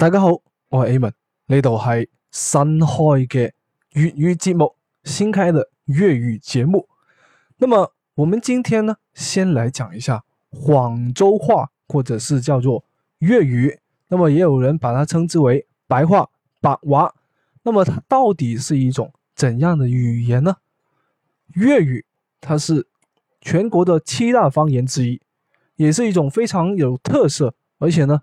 大家好，我係 Amin，呢度係新開嘅粵語節目，新開的粵語節目。那麼我們今天呢，先來講一下廣州話，或者是叫做粵語。那麼也有人把它稱之爲白話，白話。那麼它到底是一種怎樣的語言呢？粵語它是全國的七大方言之一，也是一種非常有特色，而且呢。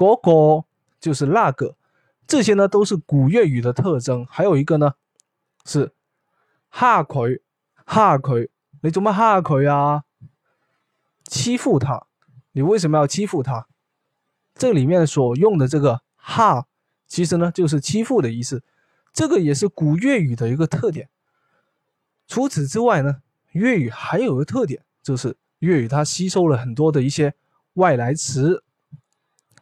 哥哥就是那個，這些呢都是古粵語的特徵。還有一個呢是“吓佢，吓佢”，你怎麼吓佢啊？欺負他，你為什麼要欺負他？這裏面所用的這個“吓”，其實呢就是欺負的意思。這個也是古粵語的一個特點。除此之外呢，粵語還有一個特點，就是粵語它吸收了很多的一些外來詞。